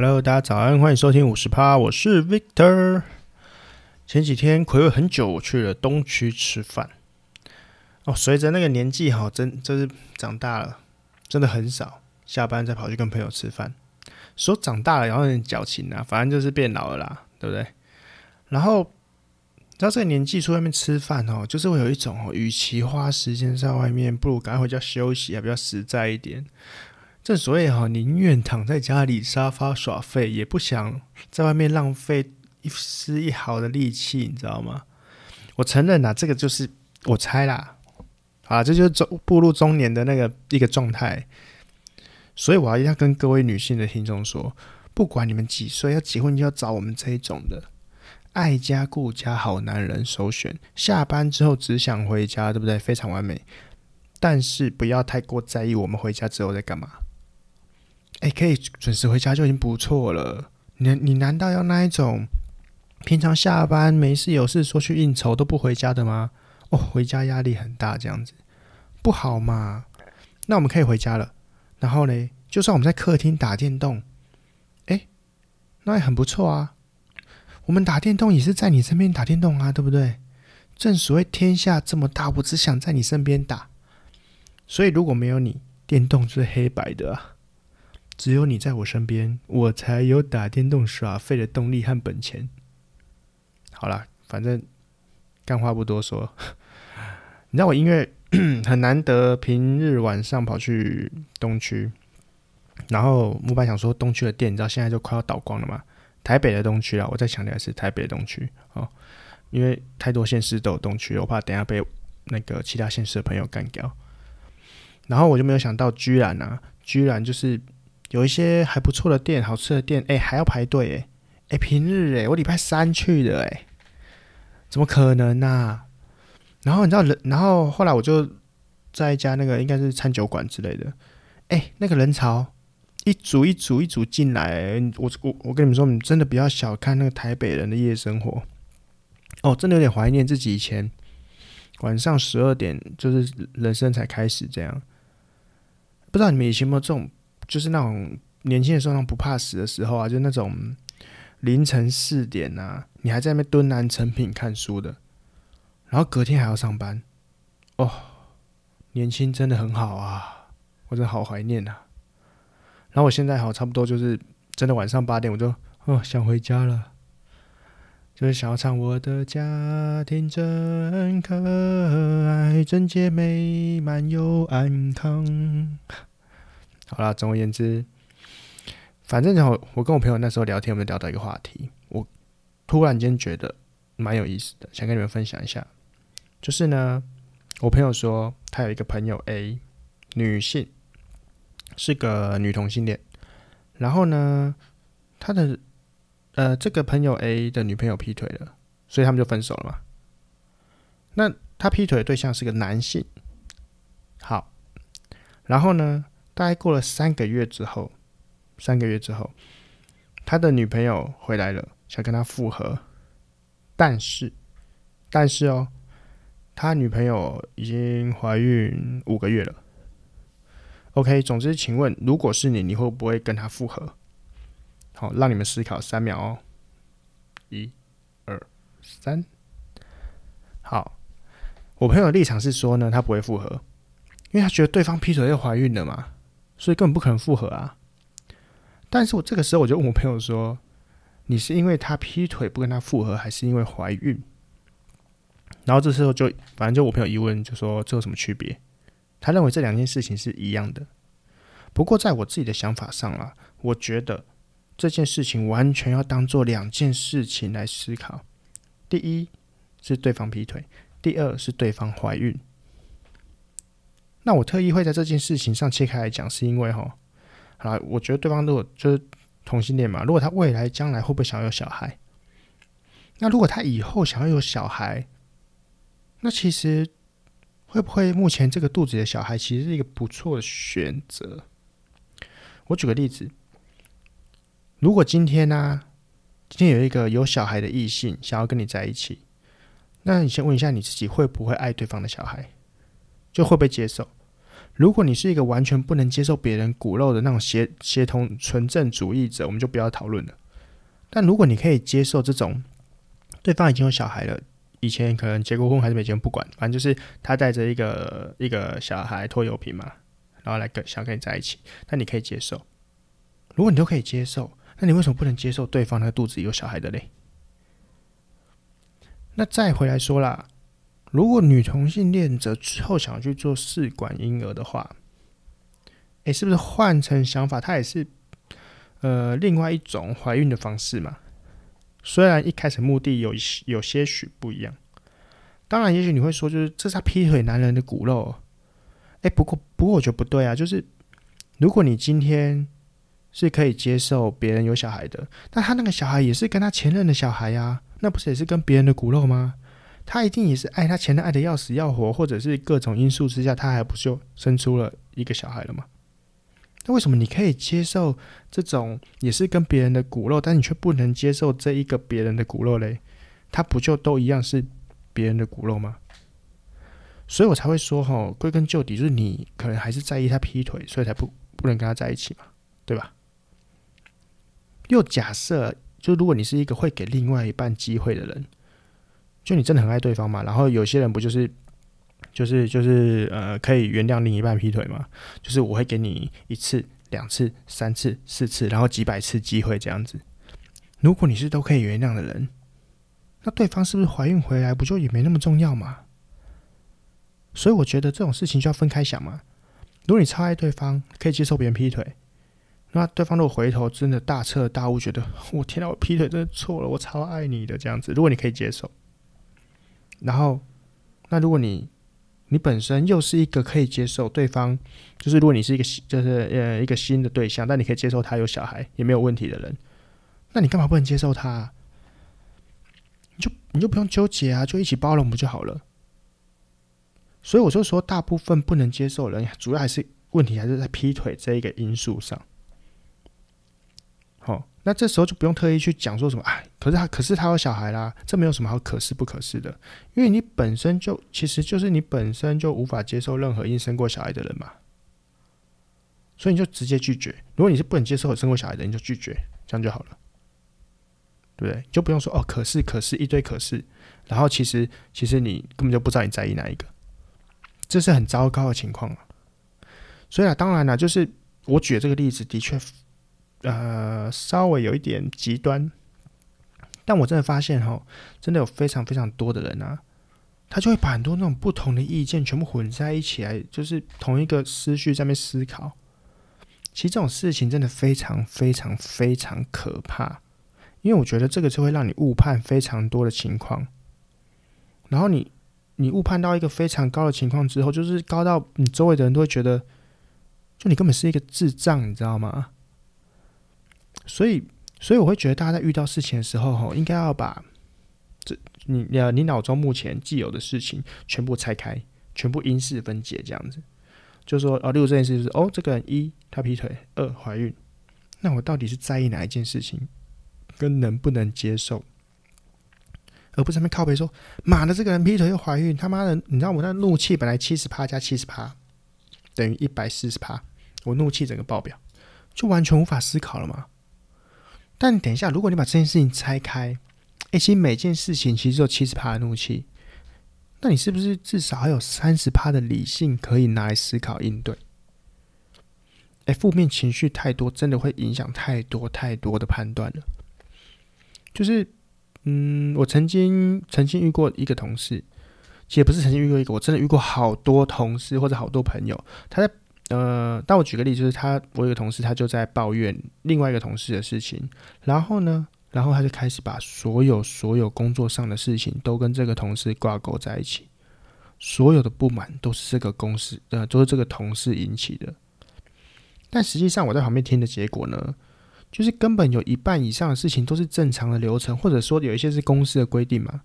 Hello，大家早安，歡迎收聽五十趴，我是 Victor。前幾天睽違很久，去了東區吃飯。哦，隨着那個年紀，哈，真就是長大了，真的很少下班再跑去跟朋友吃飯。說長大了，然後很矯情啊，反正就是變老了啦，對不對？然後到這個年紀出外面吃飯哦，就是會有一種，與其花時間在外面，不如趕快回家休息，還比較實在一點。正所謂哈、哦，寧願躺在家裡沙發耍廢，也不想在外面浪費一絲一毫的力氣，你知道嗎？我承認啊，這個就是我猜啦，啊，這就是中步入中年的那個一個狀態。所以我要要跟各位女性的聽眾說，不管你們幾歲要結婚，就要找我們這一種的愛家顧家好男人首選。下班之後只想回家，對不對？非常完美。但是不要太過在意我們回家之後在幹嘛。哎，可以準時回家就已經不錯了。你你難道要那一種平常下班沒事有事說去應酬都不回家的嗎？哦，回家壓力很大，這樣子不好嘛。那我們可以回家了。然後呢，就算我們在客廳打電動，哎，那也很不錯啊。我們打電動也是在你身邊打電動啊，對不對？正所謂天下這麼大，我只想在你身邊打。所以如果沒有你，電動就是黑白的啊。只有你在我身邊，我才有打電動耍廢的動力和本錢。好啦，反正幹話不多說。 你知道我因為很難得，平日晚上跑去東區，然後我本來想說東區的店，你知道現在就快要倒光了嘛？台北的東區啊，我再強調是台北的東區，喔，因為太多縣市都有東區，我怕等下被那個其他縣市的朋友幹掉。然後我就沒有想到，居然啊，居然就是。有一些還不錯的店，好吃的店，哎、欸，還要排隊、欸，哎、欸，平日、欸，哎，我禮拜三去的，哎，怎麼可能呢、啊？然後你知道人，然後後來我就在一家那個應該是餐酒館之類的，哎、欸，那個人潮，一組一組一組進來、欸，我我我跟你們說，你真的不要小看那個台北人的夜生活。哦，真的有點懷念自己以前晚上十二點就是人生才開始這樣，不知道你們以前有沒有這種。就是那種年輕的時候，那種不怕死的時候啊，就是那種凌晨四點啊，你還在那邊蹲敦南誠品看書的，然後隔天還要上班，哦，年輕真的很好啊，我真的好懷念啊。然後我現在好差不多就是真的晚上八點，我就哦想回家了，就是想要唱我的家庭真可愛，整潔美滿又安康。好啦，總而言之，反正然後我跟我朋友那時候聊天，我們聊到一個話題，我突然間覺得蠻有意思的，想跟你們分享一下。就是呢，我朋友說他有一個朋友 A，女性，是個女同性戀。然後呢，他的呃這個朋友 A 的女朋友劈腿了，所以他們就分手了嘛。那他劈腿的對象是個男性，好，然後呢？大概過了三個月之後，三個月之後，他的女朋友回來了，想跟他複合，但是，但是哦、喔，他女朋友已經懷孕五個月了。OK，總之，請問如果是你，你會不會跟他複合？好，讓你們思考三秒哦、喔，一、二、三。好，我朋友的立場是說呢，他不會複合，因為他覺得對方劈腿又懷孕了嘛。所以根本不可能復合啊！但是我這個時候我就問我朋友說：“你是因為他劈腿不跟他復合，還是因為懷孕？”然後這時候就反正就我朋友一問就說：“這有什麼區別？”他認為這兩件事情是一樣的。不過在我自己的想法上啊，我覺得這件事情完全要當做兩件事情來思考。第一是對方劈腿，第二是對方懷孕。那我特意會在這件事情上切開來講，是因為哈，好了，我覺得對方如果就是同性戀嘛，如果他未來將來會不會想要有小孩？那如果他以後想要有小孩，那其實會不會目前這個肚子的小孩其實是一個不錯的選擇？我舉個例子，如果今天呢、啊，今天有一個有小孩的異性想要跟你在一起，那你先問一下你自己會不會愛對方的小孩，就會不會接受？如果你是一個完全不能接受別人骨肉的那種協協同純正主義者，我們就不要討論了。但如果你可以接受這種對方已經有小孩了，以前可能結過婚還是沒結婚不管，反正就是他帶着一個一個小孩拖油瓶嘛，然後來跟想跟你在一起，那你可以接受。如果你都可以接受，那你為什麼不能接受對方的肚子裡有小孩的嘞？那再回來說啦。如果女同性戀者之後想要去做試管嬰兒的話，哎、欸，是不是換成想法，她也是，呃，另外一種懷孕的方式嘛？雖然一開始目的有有些許不一樣，當然，也許你會說，就是這是他劈腿男人的骨肉，哎、欸，不過不過我覺得不對啊，就是如果你今天是可以接受別人有小孩的，那他那個小孩也是跟他前任的小孩呀、啊，那不是也是跟別人的骨肉嗎？他一定也是愛他前任愛得要死要活，或者是各種因素之下，他還不就生出了一個小孩了嗎？那為什麼你可以接受這種也是跟別人的骨肉，但你卻不能接受這一個別人的骨肉嘞？他不就都一樣是別人的骨肉嗎？所以我才會說，哈，歸根究底就是你可能還是在意他劈腿，所以才不不能跟他在一起嘛，對吧？又假設，就如果你是一個會給另外一半機會的人。就你真的很愛對方嘛？然後有些人不就是，就是就是呃，可以原諒另一半劈腿嘛？就是我會給你一次、兩次、三次、四次，然後幾百次機會這樣子。如果你是都可以原諒的人，那對方是不是懷孕回來不就也沒那麼重要嘛？所以我覺得這種事情就要分開想嘛。如果你超愛對方，可以接受別人劈腿，那對方如果回頭真的大徹大悟，覺得我天哪，我劈腿真的錯了，我超愛你的這樣子，如果你可以接受。然後，那如果你你本身又是一個可以接受對方，就是如果你是一個新，就是呃一個新的對象，但你可以接受他有小孩也沒有問題的人，那你幹嘛不能接受他？你就你就不用糾結啊，就一起包容不就好了？所以我就說，大部分不能接受人，主要還是問題還是在劈腿這一個因素上。那這時候就不用特意去講說什麼哎、啊，可是他可是他有小孩啦，這沒有什麼好可是不可是的，因為你本身就其實就是你本身就無法接受任何因生過小孩的人嘛，所以你就直接拒絕。如果你是不能接受有生過小孩的，你就拒絕，這樣就好了，對不對？就不用說哦，可是可是一堆可是，然後其實其實你根本就不知道你在意哪一個，這是很糟糕的情況，啊、所以啊，當然了，就是我舉的這個例子的確。呃，稍微有一點極端，但我真的發現吼，真的有非常非常多的人啊，他就會把很多那種不同的意見全部混在一起來，就是同一個思緒在那邊思考。其實這種事情真的非常非常非常可怕，因為我覺得這個就會讓你誤判非常多的情況。然後你你誤判到一個非常高的情況之後，就是高到你周圍的人都會覺得，就你根本是一個智障，你知道嗎？所以，所以我會覺得大家在遇到事情的時候，哈，應該要把這你你腦中目前既有的事情全部拆開，全部因式分解，這樣子。就說，哦，例如這件事，就是，哦，這個人一他劈腿，二懷孕，那我到底是在意哪一件事情，跟能不能接受？而不是他們靠北說，媽的，這個人劈腿又懷孕，他媽的，你知道我那怒氣本來七十趴加七十趴等於一百四十趴，我怒氣整個爆表，就完全無法思考了嘛。但等一下，如果你把這件事情拆開，欸、其實每件事情其實只有七十趴的怒氣，那你是不是至少還有三十趴的理性可以拿來思考應對？欸、負面情緒太多，真的會影響太多太多的判斷了。就是，嗯，我曾經曾經遇過一個同事，其實不是曾經遇過一個，我真的遇過好多同事或者好多朋友，他在。呃，但我舉個例子，就是他，我有個同事，他就在抱怨另外一個同事的事情，然後呢，然後他就開始把所有所有工作上的事情都跟這個同事掛鈎在一起，所有的不滿都是這個公司，呃，都是這個同事引起的。但實際上我在旁邊聽的結果呢，就是根本有一半以上的事情都是正常的流程，或者說有一些是公司的規定嘛，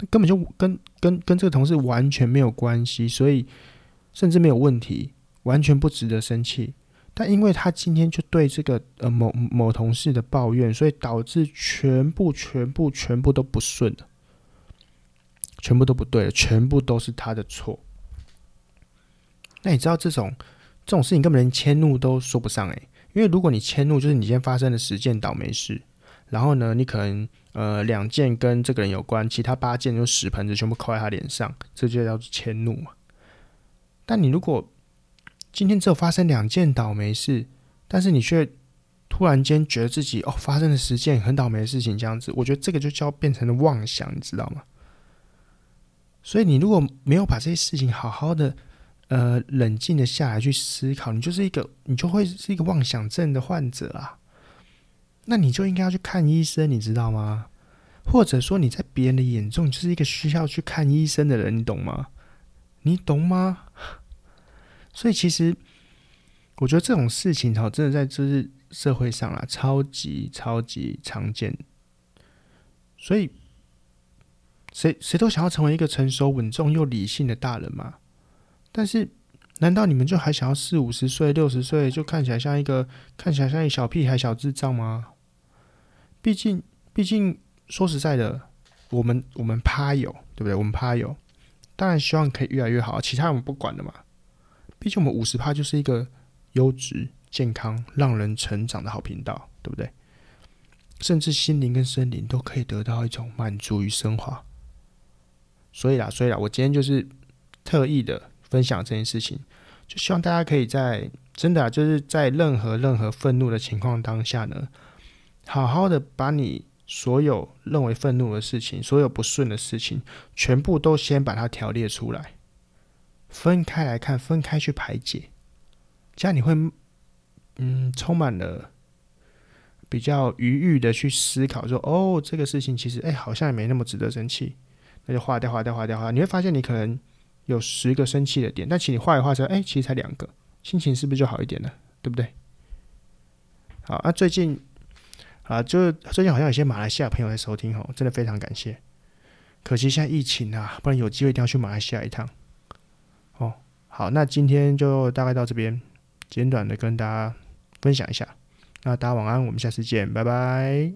那根本就跟跟跟這個同事完全沒有關係，所以甚至沒有問題。完全不值得生氣，但因為他今天就對這個呃某某同事的抱怨，所以導致全部、全部、全部都不順了，全部都不對了，全部都是他的錯。那你知道這種這種事情根本連遷怒都說不上誒、欸，因為如果你遷怒，就是你今天發生了十件倒霉事，然後呢，你可能呃兩件跟這個人有關，其他八件就屎盆子全部扣在他臉上，這就叫做遷怒嘛。但你如果今天只有發生兩件倒霉事，但是你卻突然間覺得自己哦發生了十件很倒霉的事情，這樣子，我覺得這個就叫變成了妄想，你知道嗎？所以你如果沒有把這些事情好好的呃冷靜的下來去思考，你就是一個你就會是一個妄想症的患者啊。那你就應該要去看醫生，你知道嗎？或者說你在別人的眼中你就是一個需要去看醫生的人，你懂嗎？你懂嗎？所以其實，我覺得這種事情，好真的在就是社會上啊，超級超級常見。所以，誰誰都想要成為一個成熟、穩重又理性的大人嘛。但是，難道你們就還想要四五十歲、六十歲就看起來像一個看起來像一小屁孩、小智障嗎？畢竟，畢竟說實在的，我們我們趴友，對不對？我們趴友當然希望可以越來越好，其他人我們不管了嘛。畢竟我們五十趴就是一個優質、健康、讓人成長的好頻道，對不對？甚至心靈跟身靈都可以得到一種滿足與昇華。所以啦，所以啦，我今天就是特意的分享這件事情，就希望大家可以在真的啊就是在任何任何憤怒的情況當下呢，好好的把你所有認為憤怒的事情、所有不順的事情，全部都先把它條列出來。分開來看，分開去排解，這樣你會，嗯，充滿了比較愉悅的去思考說，說哦，這個事情其實，哎、欸，好像也沒那麼值得生氣，那就劃掉，劃掉，劃掉，劃掉。你會發現，你可能有十個生氣的點，但其實你劃一劃之後，哎、欸，其實才兩個，心情是不是就好一點了？對不對？好，那、啊、最近啊，就是最近好像有些馬來西亞的朋友在收聽哦，真的非常感謝。可惜現在疫情啊，不然有機會一定要去馬來西亞一趟。哦，好，那今天就大概到這邊，簡短的跟大家分享一下。那大家晚安，我們下次見，拜拜。